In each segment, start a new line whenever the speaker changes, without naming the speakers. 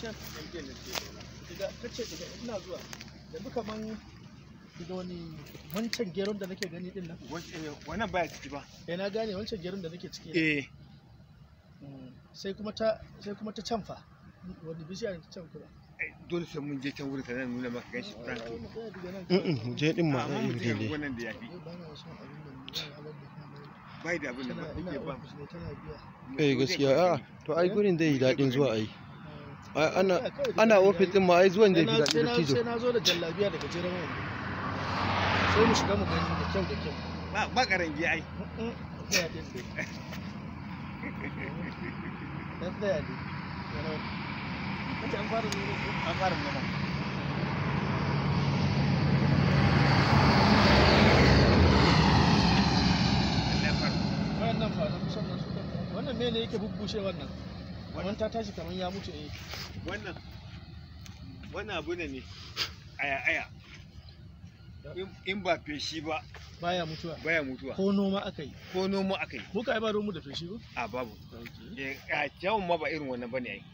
can ina zuwa yanzu kaman da wani wancan geron da nake gani din nan eh, wannan baya ciki ba eh na gane wancan geron da nake ciki eh mm, sai kuma ta sai kuma ta wani bishiya ta can kuma
eh, dole sai mun je can wurin nuna maka mm je din ma zai yi dole wannan da yafi eh, bai da abin da ba eh gaskiya a to ai gurin zai yi zuwa ai ana ana ofis din ma ai zuwan da gida da tijo. sai
na zo da jallabiya daga wani sai mu shiga mu gani da kyau da kyau ba ba karangi ai wannan yake bubbushe wannan wannan ta tashi kamar ya mutu eh wannan
wannan abu ne aya aya in ba feshi ba
baya mutuwa baya mutuwa ko noma aka yi ko noma aka yi muka ba mu da feshi ba
a babu eh, a kyawun ma ba irin wannan bane ai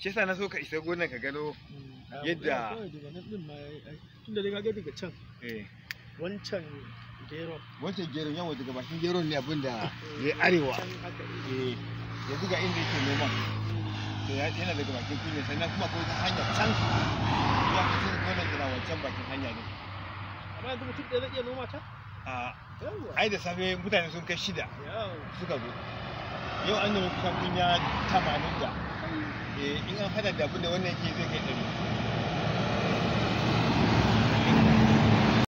shi yasa na so ka isa gonan ka gano
hmm, yadda tunda dai ka ga daga can eh wancan gero wancan gero yawa daga bakin gero ne abinda eh, ya arewa eh
yanzu ga inda yake noma yana daga bakin kunya sannan kuma akwai hanya can zuwa kasar gonar da wancan bakin hanya ne
amma yanzu mutum ɗaya zai iya noma can?
a ai da safe mutane sun kai shida suka zo yau an nemi kusan kunya tamanin da eh, in an hada da abin da wannan yake zai kai ɗari